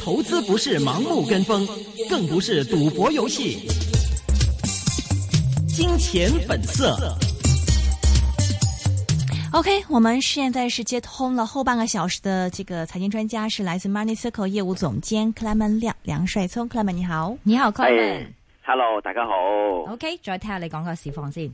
投資不是盲目跟風，更不是賭博遊戲。金錢本色。OK，我們現在是接通了後半個小時的這個財經專家，是來自 Money Circle 業務總監 Clement 梁梁帥聰。Clement 你好，你好 Clement，Hello，大家好。OK，再要聽下你講個市況先。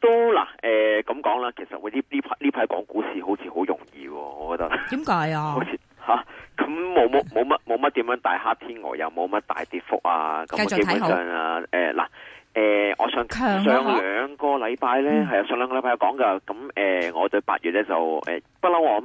都嗱，誒咁講啦，其實我呢呢排呢排講股市好似好容易，我覺得。點解 啊？好似吓，咁冇冇冇乜冇乜點樣大黑天鵝，又冇乜大跌幅啊，咁基本上啊，誒嗱。呃誒、呃，我上上兩個禮拜咧，係上兩個禮拜講噶，咁誒、呃，我對八月咧就誒不嬲我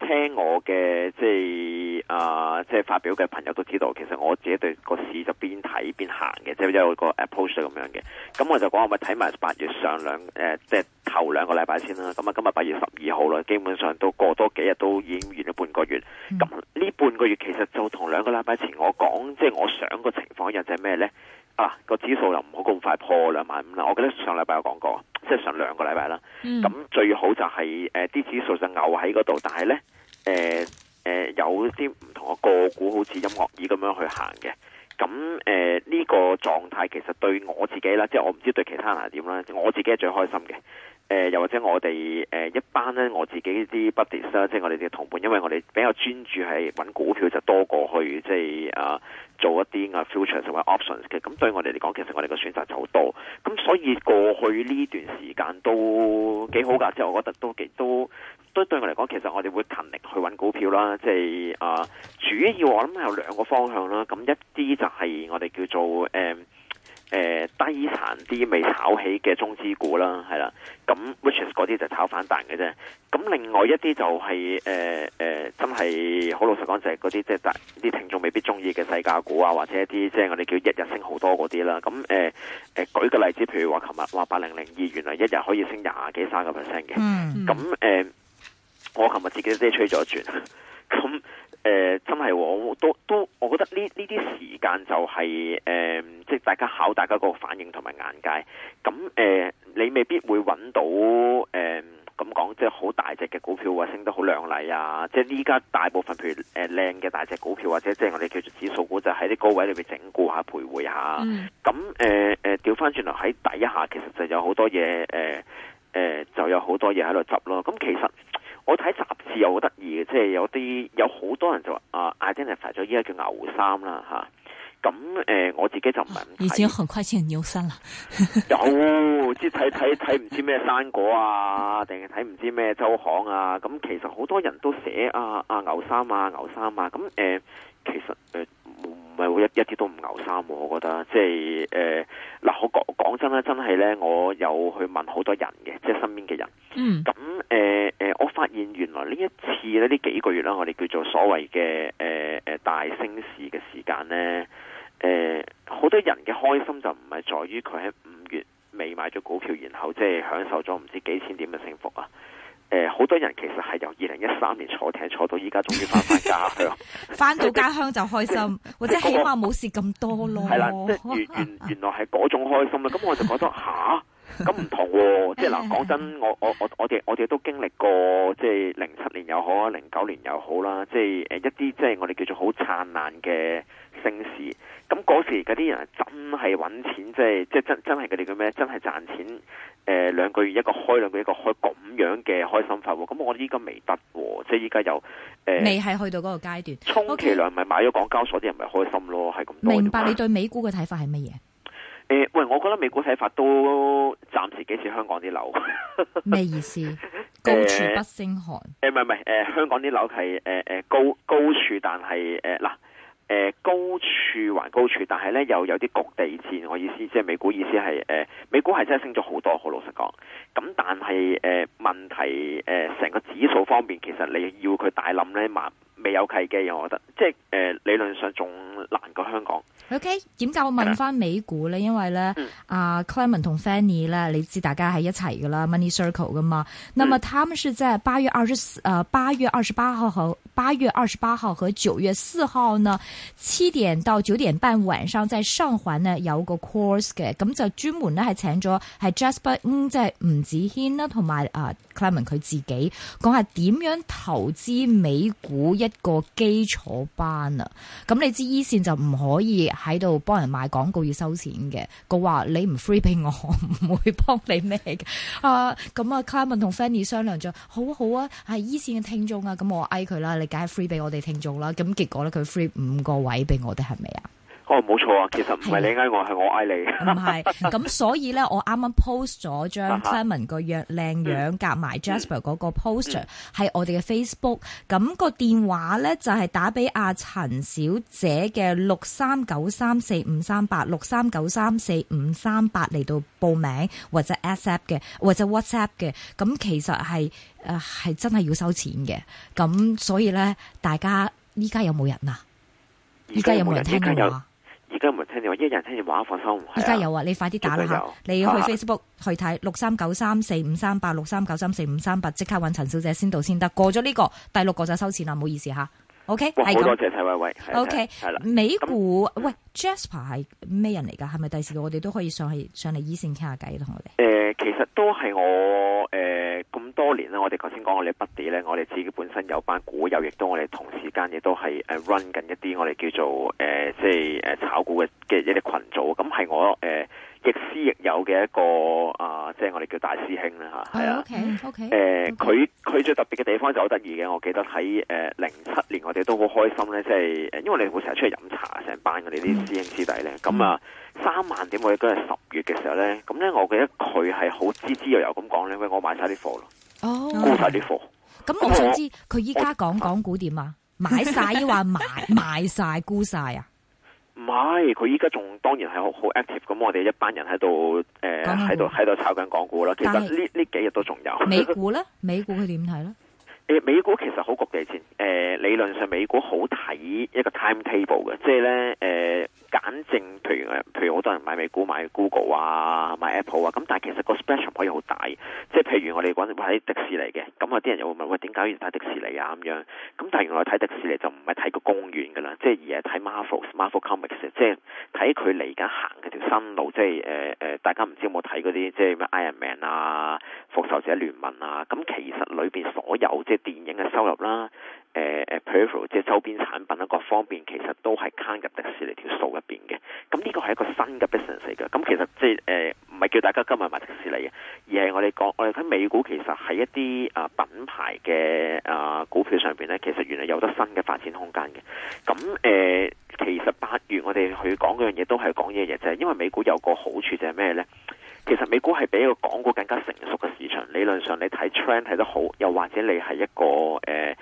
聽聽我嘅，即係啊，即係、呃、發表嘅朋友都知道，其實我自己對個市就邊睇邊行嘅，即係有個 approach 咁樣嘅。咁我就講我咪睇埋八月上兩誒、呃，即係頭兩個禮拜先啦。咁啊，今日八月十二號啦，基本上都過多幾日都已經完咗半個月。咁、嗯、呢半個月其實就同兩個禮拜前我講，即係我想個情況一樣就係咩咧？啊，那個指數又唔好咁快破兩萬五啦，我記得上禮拜有講過，即、就、係、是、上兩個禮拜啦，咁、嗯、最好就係誒啲指數就牛喺嗰度，但係呢，誒、呃、誒、呃、有啲唔同嘅個股好似音樂椅咁樣去行嘅。咁誒，呢、呃這個狀態其實對我自己啦，即係我唔知對其他人係點啦。我自己係最開心嘅，誒、呃，又或者我哋誒、呃、一班咧，我自己啲 buddies 啦，即係我哋啲同伴，因為我哋比較專注係揾股票，就多過去即係啊做一啲啊 future 或者 options 嘅。咁對我哋嚟講，其實我哋個選擇就好多。咁所以過去呢段時間都幾好噶，即係我覺得都幾都，都對我嚟講，其實我哋會勤力去揾股票啦。即係啊，主要我諗有兩個方向啦。咁一啲就係我哋叫做誒誒，呃呃，低殘啲未炒起嘅中資股啦，係啦，咁 which is 嗰啲就炒反彈嘅啫。咁另外一啲就係誒誒真係好老實講，就係嗰啲即係大啲聽眾未必中意嘅世界股啊，或者一啲即係我哋叫日日升好多嗰啲啦。咁誒誒舉個例子，譬如話琴日話八零零二，原來一日可以升廿幾卅個 percent 嘅。咁誒，嗯呃，我琴日自己都吹咗一轉。誒、呃，真係、哦、我都都，我覺得呢呢啲時間就係、是、誒、呃，即係大家考大家個反應同埋眼界。咁誒、呃，你未必會揾到誒，咁、呃、講即係好大隻嘅股票啊，升得好亮麗啊。即係依家大部分譬如誒靚嘅大隻股票，或者即係我哋叫做指數股，就喺、是、啲高位裏邊整固下、徘徊下。咁誒誒，調翻轉頭喺底下，其實就有好多嘢，誒、呃、誒、呃，就有好多嘢喺度執咯。咁其實我睇雜誌又覺得。即係有啲有好多人就話啊，identify 咗依家叫牛三啦吓，咁、啊、誒、啊、我自己就唔係咁睇。已經很快見牛三啦， 有即睇睇睇唔知咩生果啊，定係睇唔知咩周行啊，咁、啊、其實好多人都寫啊啊牛三啊牛三啊，咁誒、啊啊啊、其實誒。呃唔係我一一啲都唔牛三、啊，我覺得即係誒嗱，我講講真咧，真係咧，我有去問好多人嘅，即係身邊嘅人。咁誒誒，我發現原來呢一次咧，呢幾個月啦，我哋叫做所謂嘅誒誒大升市嘅時間咧，誒、呃、好多人嘅開心就唔係在於佢喺五月尾買咗股票，然後即係享受咗唔知幾千點嘅升幅啊！誒、呃，好多人其實係由二零一三年坐艇坐到依家，終於翻返家鄉。翻到家鄉就開心，就是就是，或者起碼冇事咁多咯。係、那、啦、個，即、嗯、係原 原原來係嗰種開心啦。咁 我就覺得吓，咁唔同。即係嗱，講 真，我我我我哋我哋都經歷過，即係零七年又好，零九年又好啦。即係誒，一啲即係我哋叫做好燦爛嘅。升市，咁嗰時嗰啲人真係揾錢，即係即係真真係佢哋叫咩？真係賺錢。誒、呃，兩個月一個開，兩個月一個開，咁樣嘅開心法。咁我依家未得，即係依家有誒，未係去到嗰個階段。充其量咪買咗港交所啲人咪開心咯，係、okay. 咁。明白你對美股嘅睇法係乜嘢？誒，喂，我覺得美股睇法都暫時幾似香港啲樓。咩意思？高、呃、處、呃、不勝寒。誒，唔係唔係，誒，香港啲樓係誒誒高高處，但係誒嗱。呃呃誒、呃，高處還高處，但係咧又有啲局地戰。我意思即係美股意思係，誒、呃，美股係真係升咗好多。好老實講，咁但係誒、呃、問題，誒、呃、成個指數方面，其實你要佢大冧咧，未有契機，我覺得即係誒、呃、理論上仲難過香港。OK，點解我問翻美股咧？因為咧，阿、嗯啊、Clement 同 Fanny 咧，你知大家係一齊噶啦，Money Circle 噶嘛。那麼他們是在八月二十四，誒、呃、八月二十八號和八月二十八號和九月四號呢七點到九點半晚上，在上環呢有個 course 嘅。咁就專門呢係請咗係 Jasper，即係吳子軒啦，同埋阿、呃、Clement 佢自己講下點樣投資美股一個基礎班啊，咁你知 E 線就唔可以喺度幫人賣廣告，要收錢嘅，佢話你唔 free 俾我，唔會幫你咩嘅啊。咁啊，Clement 同 Fanny 商量咗，好好啊，係 E 線嘅聽眾啊，咁、e 啊、我嗌佢啦，你梗係 free 俾我哋聽眾啦。咁結果咧，佢 free 五個位俾我哋，係咪啊？哦，冇錯啊！其實唔係你嗌我，係我嗌你。唔係，咁 所以咧，我啱啱 post 咗張 Clement 個樣靚樣，夾、啊、埋 Jasper 嗰個 poster、嗯、喺我哋嘅 Facebook、嗯。咁、那個電話咧就係、是、打俾阿陳小姐嘅六三九三四五三八六三九三四五三八嚟到報名，或者 WhatsApp 嘅，或者 WhatsApp 嘅。咁其實係誒係真係要收錢嘅。咁所以咧，大家依家有冇人啊？依家有冇人聽到啊？而家唔係聽電話，一人聽電話放心。而家有啊，你快啲打啦，你要去 Facebook 去睇六三九三四五三八六三九三四五三八，即、啊、刻搵陳小姐先到先得。過咗呢、這個第六個就收錢啦，唔好意思吓、啊。OK，、like、多謝泰威威。啊、OK，係啦、啊。美股、嗯、喂，Jasper 係咩人嚟噶？係咪第時我哋都可以上去上嚟一線傾下偈同我哋。誒、呃，其實都係我誒。呃多年啦，我哋頭先講我哋本地咧，我哋自己本身有班股友，亦都我哋同時間亦都係誒 run 緊一啲我哋叫做誒、呃、即係誒炒股嘅嘅一啲群，群組，咁係我誒、呃、亦師亦友嘅一個啊、呃，即係我哋叫大師兄啦吓，係啊、oh,，OK OK，誒、okay, okay. 呃，佢佢最特別嘅地方就好得意嘅，我記得喺誒零七年我哋都好開心咧，即係誒，因為我哋成日出去飲茶，成班我哋啲師兄師弟咧，咁、mm. 啊、mm. 三萬點我哋都係十月嘅時候咧，咁咧我記得佢係好滋滋油油咁講咧，喂，我買晒啲貨咯。沽晒啲貨，咁我想知佢依家講港股點啊？買晒抑話賣賣晒沽晒啊？唔 係，佢依家仲當然係好好 active，咁我哋一班人喺度誒喺度喺度炒緊港股啦。其實呢呢幾日都仲有美股咧，美股佢點睇咧？誒、 呃，美股其實好國際先，誒、呃，理論上美股好睇一個 timetable 嘅，即係咧誒。呃簡正，譬如譬如好多人買美股買 Google 啊，買 Apple 啊，咁但係其實個 spectrum 可以好大，即係譬如我哋講喺迪士尼嘅，咁有啲人又會問，喂，點解要睇迪士尼啊咁樣？咁但係原來睇迪士尼就唔係睇個公園㗎啦，即係而係睇 Marvel、Marvel Comics，即係睇佢嚟緊行嘅條新路，即係、呃呃、大家唔知有冇睇嗰啲即係咩 Iron Man 啊、復仇者聯盟啊，咁其實裏邊所有即係電影嘅收入啦。誒誒，Peripheral 即係周邊產品，一個方面其實都係嵌入迪士尼條數入邊嘅。咁呢個係一個新嘅 business 嚟嘅。咁其實即係誒，唔、呃、係叫大家今日買迪士尼嘅，而係我哋講，我哋睇美股其實喺一啲啊品牌嘅啊股票上邊咧，其實原來有得新嘅發展空間嘅。咁誒、呃，其實八月我哋去講嗰樣嘢都係講嘢嘢，就係因為美股有個好處就係咩咧？其實美股係比一個港股更加成熟嘅市場。理論上你睇 trend 睇得好，又或者你係一個誒。呃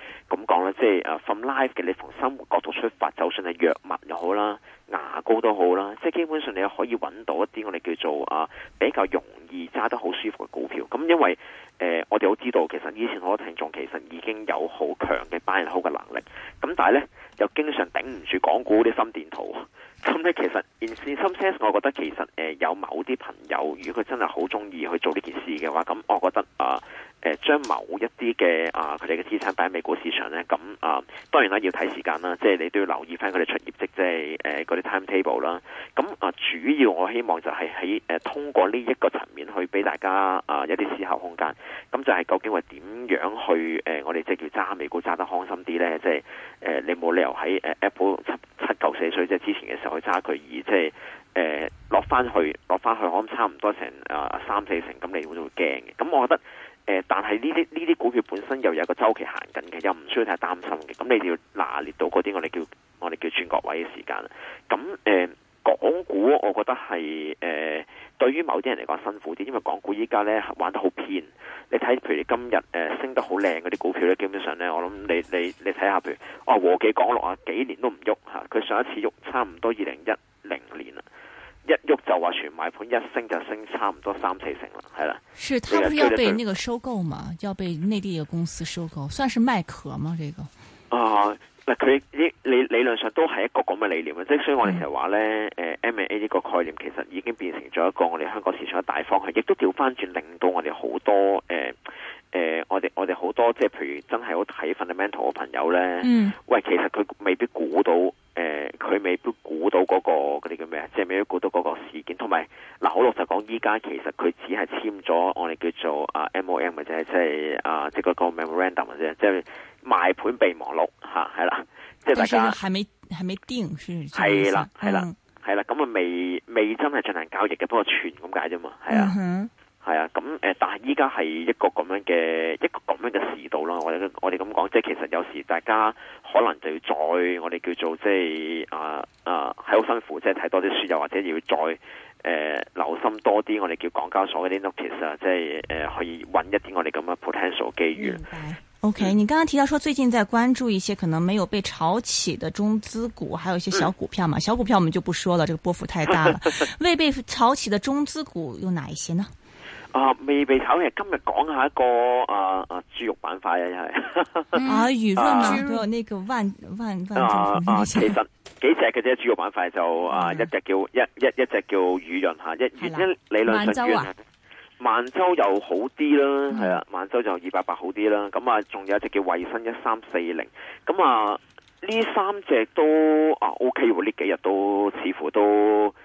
講咧，即係誒，from life 嘅，你從生活角度出發，就算係藥物又好啦，牙膏都好啦，即係基本上你可以揾到一啲我哋叫做啊比較容易揸得好舒服嘅股票。咁因為誒，我哋都知道，其實以前好多聽眾其實已經有好強嘅 buy 好嘅能力。咁但係呢，又經常頂唔住港股啲心電圖。咁呢，其實 in some sense，我覺得其實誒有某啲朋友，如果佢真係好中意去做呢件事嘅話，咁我覺得啊。誒、呃，將某一啲嘅啊，佢哋嘅資產擺喺美股市場咧，咁、嗯、啊、呃，當然啦，要睇時間啦，即係你都要留意翻佢哋出業績，即係誒嗰、呃、啲 timetable 啦。咁、嗯、啊、呃，主要我希望就係喺、呃、通過呢一個層面去俾大家啊、呃、一啲思考空間。咁、嗯、就係、是、究竟係點樣去誒，我哋即係叫揸美股揸得開心啲咧，即係誒你冇理由喺 Apple 七七九四歲即係之前嘅時候去揸佢，而即係誒落翻去落翻去，我諗差唔多成啊三四成，咁你會會驚嘅。咁我覺得。誒、呃，但係呢啲呢啲股票本身又有一個周期行緊嘅，又唔需要太擔心嘅。咁你要拿捏到嗰啲我哋叫我哋叫轉角位嘅時間。咁誒，港股我覺得係誒、呃，對於某啲人嚟講辛苦啲，因為港股依家咧玩得好偏。你睇，譬如今日誒、呃、升得好靚嗰啲股票咧，基本上咧，我諗你你你睇下，譬如哦、啊、和記港陸啊，幾年都唔喐吓，佢上一次喐差唔多二零一零年，一喐就話全買盤，一升就升差唔多三四成啦，係啦。是，他不是要被那個收購嗎？要被內地嘅公司收購，算是賣殼嗎？這、嗯、個？啊，嗱，佢理理論上都係一個咁嘅理念嘅，即係所以我哋其實話呢誒、嗯呃、，M&A 呢個概念其實已經變成咗一個我哋香港市場嘅大方向，亦都調翻轉令到我哋好多誒誒、呃呃，我哋我哋好多即係譬如真係好睇 Fundamental 嘅朋友呢、嗯，喂，其實佢未必估到。誒、呃，佢未必估到嗰、那個嗰啲叫咩啊？即係未必估到嗰個事件。同埋嗱，好、呃、老實講，依家其實佢只係簽咗我哋叫做 MOM, 是啊 MOM 或者係即係啊即係個 Memorandum 嘅啫，即係賣盤備忘錄吓係啦，即係大家。佢現在還沒還沒定是係啦係啦係啦，咁啊未未真係進行交易嘅，不過全咁解啫嘛，係啊。是係啊，咁誒，但係依家係一個咁樣嘅一個咁樣嘅時度咯，我我哋咁講，即係其實有時大家可能就要再我哋叫做即係啊啊，係、啊、好辛苦，即係睇多啲書又或者要再誒、呃、留心多啲，我哋叫港交所嗰啲 notice 啊，即係誒可以搵一啲我哋咁嘅 potential 機遇。OK，你剛剛提到說最近在關注一些可能沒有被炒起的中資股，還有一些小股票嘛，嗯？小股票我們就不說了，這個波幅太大了。 未被炒起的中資股有哪一些呢？啊，未被炒嘅今日講下一個啊啊豬肉板塊啊，又係啊，雨潤豬肉，版塊、啊哈哈嗯、魚肉那個萬啊萬,萬,萬啊啊，啊，其實幾隻嘅啫，豬肉板塊就啊一隻叫一一一隻叫雨潤吓，一隻叫一,一,一，隻叫魚一原理論上萬洲州又好啲啦，係啊，萬洲就二八八好啲啦，咁啊，仲、啊、有一隻叫衛生1340、啊、這一三四零，咁啊呢三隻都啊 O K 喎，呢幾日都似乎都。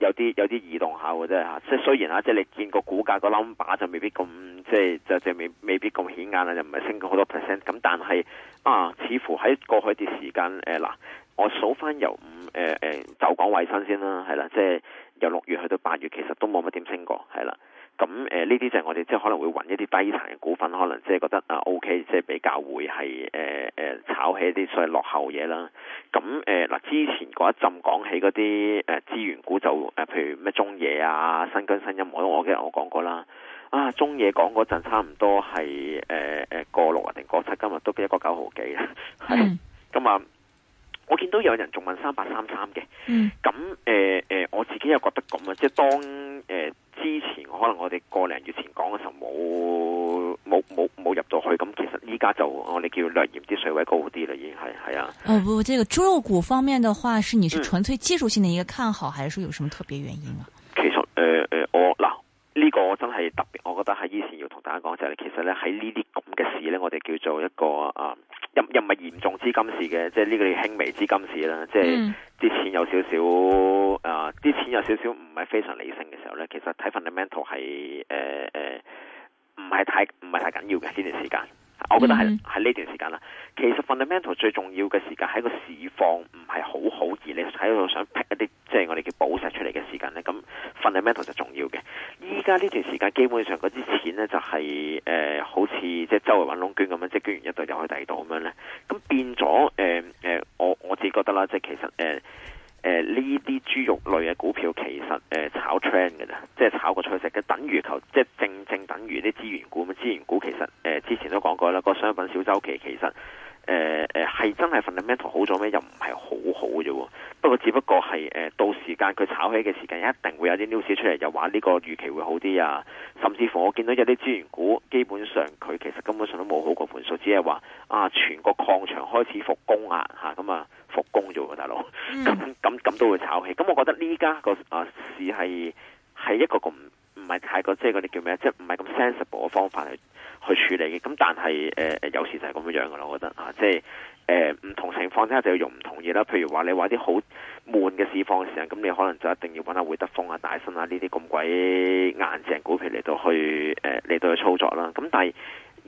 有啲有啲移動下嘅啫吓，即係雖然即係你見個股價個 number 就未必咁，即係就就未未必咁顯眼啦，就唔係升咗好多 percent，咁但係啊，似乎喺過去啲時間，誒、哎、嗱，我數翻由五誒誒就講衛生先啦，係啦，即係由六月去到八月，其實都冇乜點升過，係啦。咁誒呢啲就係我哋即係可能會揾一啲低層嘅股份，可能即係覺得啊 O、OK, K，即係比較會係誒、呃、炒起啲所謂落後嘢啦。咁誒嗱之前嗰一陣講起嗰啲誒資源股就、呃、譬如咩中野啊、新疆新音，我都我記得我講過啦。啊，中野講嗰陣差唔多係誒誒個六啊定個七，今日都俾一個九毫幾啦、mm. 今我見到有人仲問三八三三嘅，咁誒誒，我自己又覺得咁啊，即係當誒、呃、之前，可能我哋個零月前講嘅時候冇冇冇冇入到去，咁其實依家就我哋叫略嫌啲水位高啲啦，已經係係啊。哦、呃，不過，這個豬肉股方面的話，是你是純粹技術性的一個看好，嗯、還是說有什麼特別原因啊？其實誒誒、呃呃，我。呢、這個真係特別，我覺得喺以前要同大家講就係、是，其實咧喺呢啲咁嘅事咧，我哋叫做一個啊，又又唔係嚴重資金事嘅，即係呢個輕微資金事啦。即係啲錢有少少啊，啲、呃、錢有少少唔係非常理性嘅時候咧，其實睇 fundamental 係誒誒，唔、呃、係、呃、太唔係太緊要嘅呢段時間。我覺得係喺呢段時間啦，其實 fundamental 最重要嘅時間係個市況唔係好好，而你喺度想劈一啲即係我哋叫寶石出嚟嘅時間咧，咁 fundamental 就重要嘅。依家呢段時間基本上嗰啲錢咧就係誒，好似即係周圍搵窿捐咁樣，即係捐完一度又去第二度咁樣咧，咁變咗誒誒，我我自己覺得啦，即係其實誒。呃呢、呃、啲豬肉類嘅股票其實，誒、呃，炒 trend 嘅啫，即係炒個趨勢，嘅，等於求，即係正正等於啲資源股。資源股其實，誒、呃，之前都講過啦，個商品小週期其實。誒、呃、誒，係真係 fundamental 好咗咩？又唔係好好啫。不過只不過係誒、呃，到時間佢炒起嘅時間一定會有啲 news 出嚟，又話呢個預期會好啲啊。甚至乎我見到有啲資源股，基本上佢其實根本上都冇好過盤數，只係話啊，全個礦場開始復工啊，吓、啊，咁啊復工啫喎，大佬咁咁咁都會炒起。咁我覺得呢家個啊市係係一個咁。唔係太過即係嗰啲叫咩？即係唔係咁 sensible 嘅方法嚟去，去處理嘅。咁但係誒誒，有時就係咁樣樣嘅啦。我覺得啊，即係誒唔同情況之下就要用唔同嘢啦。譬如話你玩啲好悶嘅市況嘅時候，咁你可能就一定要揾下會德豐啊、大新啊呢啲咁鬼硬淨股票嚟到去誒嚟到去操作啦。咁但係。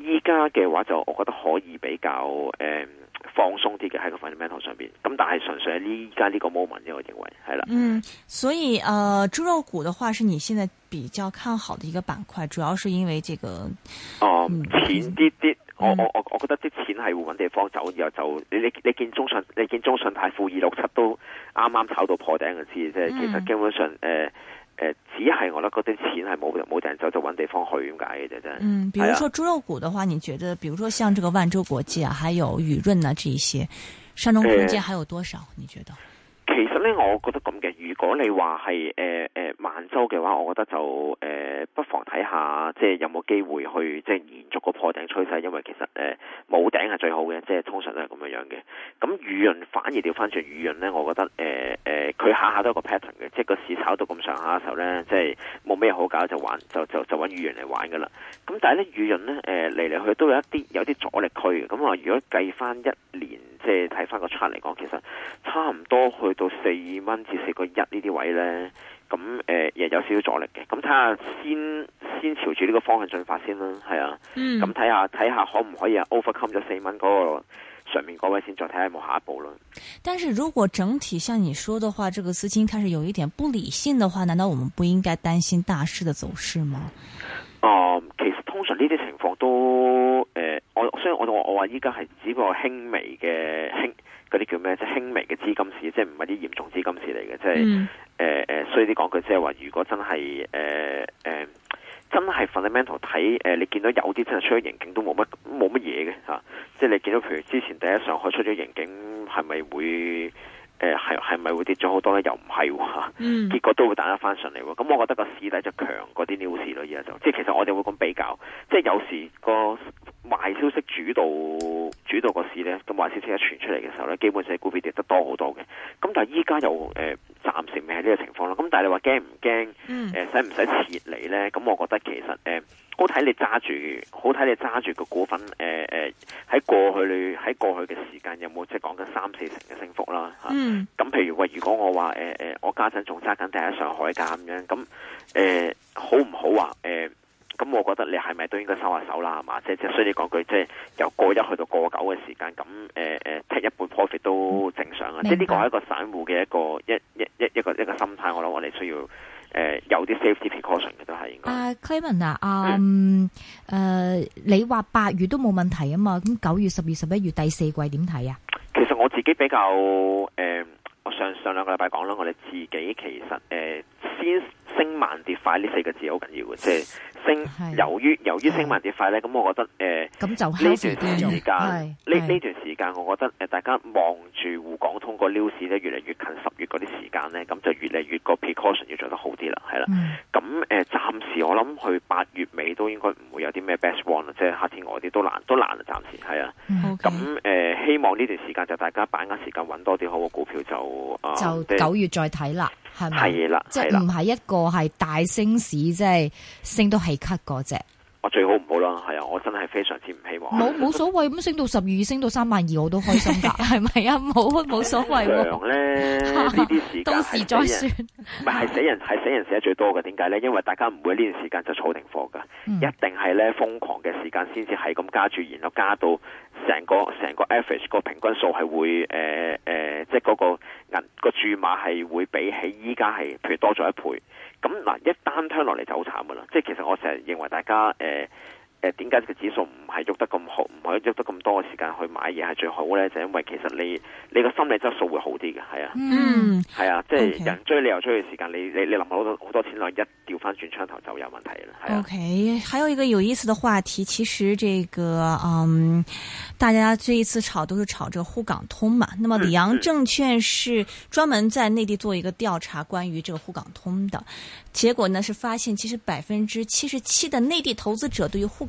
依家嘅話就我覺得可以比較誒、嗯、放鬆啲嘅喺個 fundamental 上邊，咁但係純粹呢，依家呢個 moment，我認為係啦。嗯，所以啊，豬、呃、肉股嘅話，是你現在比較看好的一個板塊，主要是因為這個哦，錢啲啲，我我我覺得啲錢係會揾地方走，然後就你你你見中信，你見中信係負二六七都啱啱炒到破頂嘅資，即、嗯、係其實基本上誒。呃誒、呃，只係我覺得嗰啲錢係冇冇掟走，就揾地方去咁解嘅啫。嗯，比如說豬肉股的話，啊、你覺得，比如說像這個萬洲國際啊，還有雨潤啊，這一些上升空間還有多少？呃、你覺得？其實咧，我覺得咁嘅。如果你話係誒誒萬州嘅話，我覺得就誒、呃、不妨睇下，即係有冇機會去即係延續個破頂趨勢。因為其實誒冇頂係最好嘅，即係通常都係咁樣樣嘅。咁雨潤反而調翻轉雨潤咧，我覺得誒誒佢下下都有個 pattern 嘅，即係個市炒到咁上下嘅時候咧，即係冇咩好搞就玩就就就揾雨潤嚟玩㗎啦。咁但係咧雨潤咧誒嚟嚟去去都有一啲有啲阻力區嘅。咁話如果計翻一年，即係睇翻個趨嚟講，其實差唔多去，到四蚊至四個一呢啲位呢，咁誒又有少少阻力嘅。咁睇下先，先朝住呢個方向進發先啦，係啊。咁睇下睇下可唔可以啊，overcome 咗四蚊嗰個上面嗰位先，再睇下有冇下一步咯。但是如果整體像你說的話，這個資金開始有一點不理性的話，難道我們不應該擔心大市的走勢嗎？哦、呃，其實通常呢啲情況都。所以我我我話依家係只不過輕微嘅輕嗰啲叫咩？即係輕微嘅資金市，即係唔係啲嚴重資金市嚟嘅。即係誒誒，所以你講句即係話，就是、如果真係誒誒，真係 fundamental 睇誒、呃，你見到有啲真係出咗刑警都冇乜冇乜嘢嘅嚇。即係你見到譬如之前第一上海出咗刑警，係咪會？誒係係咪會跌咗好多咧？又唔係喎，結果都會彈得翻上嚟喎。咁我覺得個市底就強嗰啲 news 咯，而家就即係其實我哋會咁比較，即係有時個壞消息主導主導個市咧，咁壞消息一傳出嚟嘅時候咧，基本上股票跌得多好多嘅。咁但係依家又、呃、暫時未係呢個情況啦。咁但係你話驚唔驚？使唔使撤離咧？咁我覺得其實、呃好睇你揸住，好睇你揸住個股份，誒誒，喺過去你喺過去嘅時間有冇即係講緊三四成嘅升幅啦吓。咁、啊、譬如話，如果我話誒誒，我家陣仲揸緊第一上海噶咁樣，咁誒好唔好啊？誒，咁我覺得你係咪都應該收下手啦，係嘛？即即所以你講句，即係由過一去到過九嘅時間，咁誒誒，take 一半 profit 都正常啊。即係呢個係一個散戶嘅一個一一,一一一一個一個心態，我諗我哋需要。誒、呃，有啲 safety precaution 嘅都係應該。阿 Clement 啊，嗯，誒、呃，你話八月都冇問題啊嘛，咁九月、十月、十一月第四季點睇啊？其實我自己比較，誒、呃，我上上兩個禮拜講啦，我哋自己其實，誒、呃，先。升慢跌快呢四個字好緊要嘅，即係升由於由於升慢跌快咧，咁、嗯、我覺得誒，咁、呃、就呢段時間呢呢段時間，我覺得誒、呃、大家望住滬港通個 news 咧越嚟越近十月嗰啲時間咧，咁就越嚟越個 precaution 要做得好啲啦，係啦。咁誒暫時我諗去八月尾都應該唔會有啲咩 best one 啦，即係夏天我啲都難都難，暫時係啊。咁誒、嗯 okay, 呃、希望呢段時間就大家把握時間揾多啲好嘅股票就誒、呃，就九月再睇啦，係咪？係啦，即係唔係一個。我係大升市，即係升到係咳嗰隻。我最好唔好啦，係啊！我真係非常之唔希望。冇冇所謂咁 升到十二，升到三萬二，我都開心嘅，係 咪 啊？冇冇所謂。長咧呢啲時間時 再算。唔 係死人係死，死人死得最多嘅。點解咧？因為大家唔會呢段時間就儲定貨噶，一定係咧瘋狂嘅時間先至係咁加住，然後加到成個成個 average 個平均數係會誒誒，即係嗰個銀、嗰個注碼係會比起依家係譬如多咗一倍。咁嗱，一單聽落嚟就好慘㗎喇，即係其實我成日認為大家誒。呃誒、呃，點解個指數唔係喐得咁好，唔係喐得咁多嘅時間去買嘢係最好咧？就是，因為其實你你個心理質素會好啲嘅。係啊，嗯，係啊，即，嗯，係，okay. 人追你又追嘅時間，你你你諗下好多好多錢落，一調翻轉槍頭就有問題啦。OK，還有一個有意思的話題，其實這個嗯，大家這一次炒都是炒這個滬港通嘛。那麼里昂證券是專門在內地做一個調查，關於這個滬港通的結果呢，是發現其實百分之七十七的內地投資者對於滬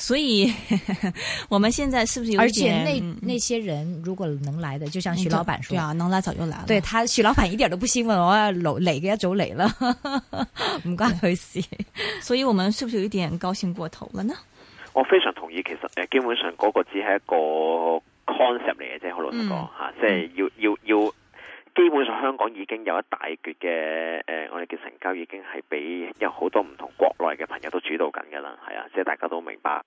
所以， 我們現在是不是有點，而且那那些人如果能來的，嗯、就，就像許老闆說、嗯，對啊，能來早就來了。對他，許老闆一點都不興奮，我嚟嘅一早嚟啦，唔關佢事。 他所以我們是不是有一點高興過頭了呢？我非常同意，其實誒，基本上嗰個只係一個 concept 嚟嘅啫，好老實講吓，嗯、即係要要要。要要基本上香港已經有一大部分嘅誒，我哋嘅成交已經係俾有好多唔同國內嘅朋友都主導緊㗎啦，係啊，即係大家都明白。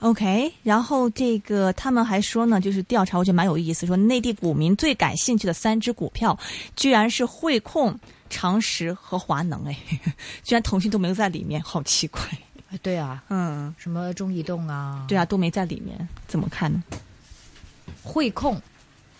OK，然後這個他們還說呢，就是調查，我覺得蠻有意思，說內地股民最感興趣的三隻股票，居然是匯控、長實和華能，哎， 居然騰訊都沒有在裡面，好奇怪。對啊，嗯，什麼中移動啊？對啊，都冇在裡面，怎麼看呢？匯控。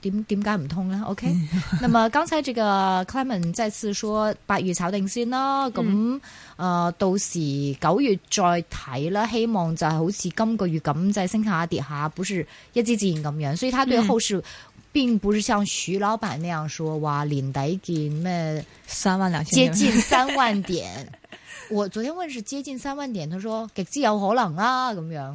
點點解唔通咧？OK， 那麼剛才這個 Clement 再次說八月炒定先啦，咁誒、嗯呃、到時九月再睇啦，希望就係好似今個月咁，即升下跌下，不是一支箭咁樣。所以他對後市並不是像徐老闆那樣說話年底見咩三萬兩千，接近三萬點， 我昨天問是接近三萬點，他說極極之有可能啦、啊、咁樣。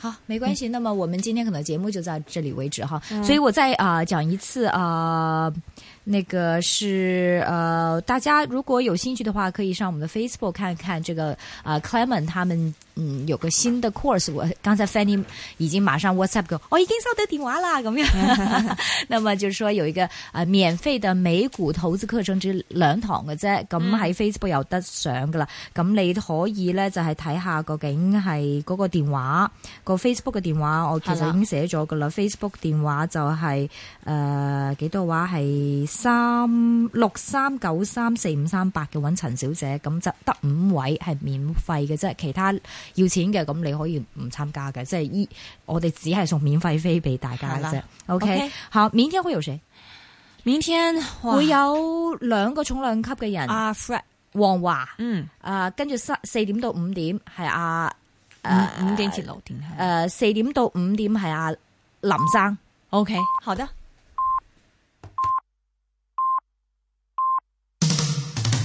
好，沒關係、嗯。那麼我們今天可能節目就到這裏為止哈、嗯。所以，我再啊、呃、講一次啊、呃，那個是呃，大家如果有興趣的話，可以上我們的 Facebook 看看這個啊、呃、Clement 他們嗯有個新的 Course。我剛才 Fanny 已經馬上 WhatsApp 佢，我、oh，已經收到電話啦。咁樣，嗯、 那麼就是說有一個呃免費的美股投資課程只兩堂嘅啫，咁喺 Facebook 有得上噶啦。咁、嗯、你可以呢，就係、是、睇下究竟係嗰個電話。個 Facebook 嘅電話我其實已經寫咗噶啦，Facebook 電話就係、是、誒、呃、幾多話係三六三九三四五三八嘅，搵陳小姐咁就得五位係免費嘅啫，其他要錢嘅，咁你可以唔參加嘅，即係依我哋只係送免費飛俾大家啫。OK，okay，好，明天會有誰？明天會有兩個重量級嘅人啊，Fred 黃華，嗯，呃、啊，跟住四點到五點係啊。呃、五五點至六點係，誒、呃、四點到五點係阿、啊、林生，OK，好的。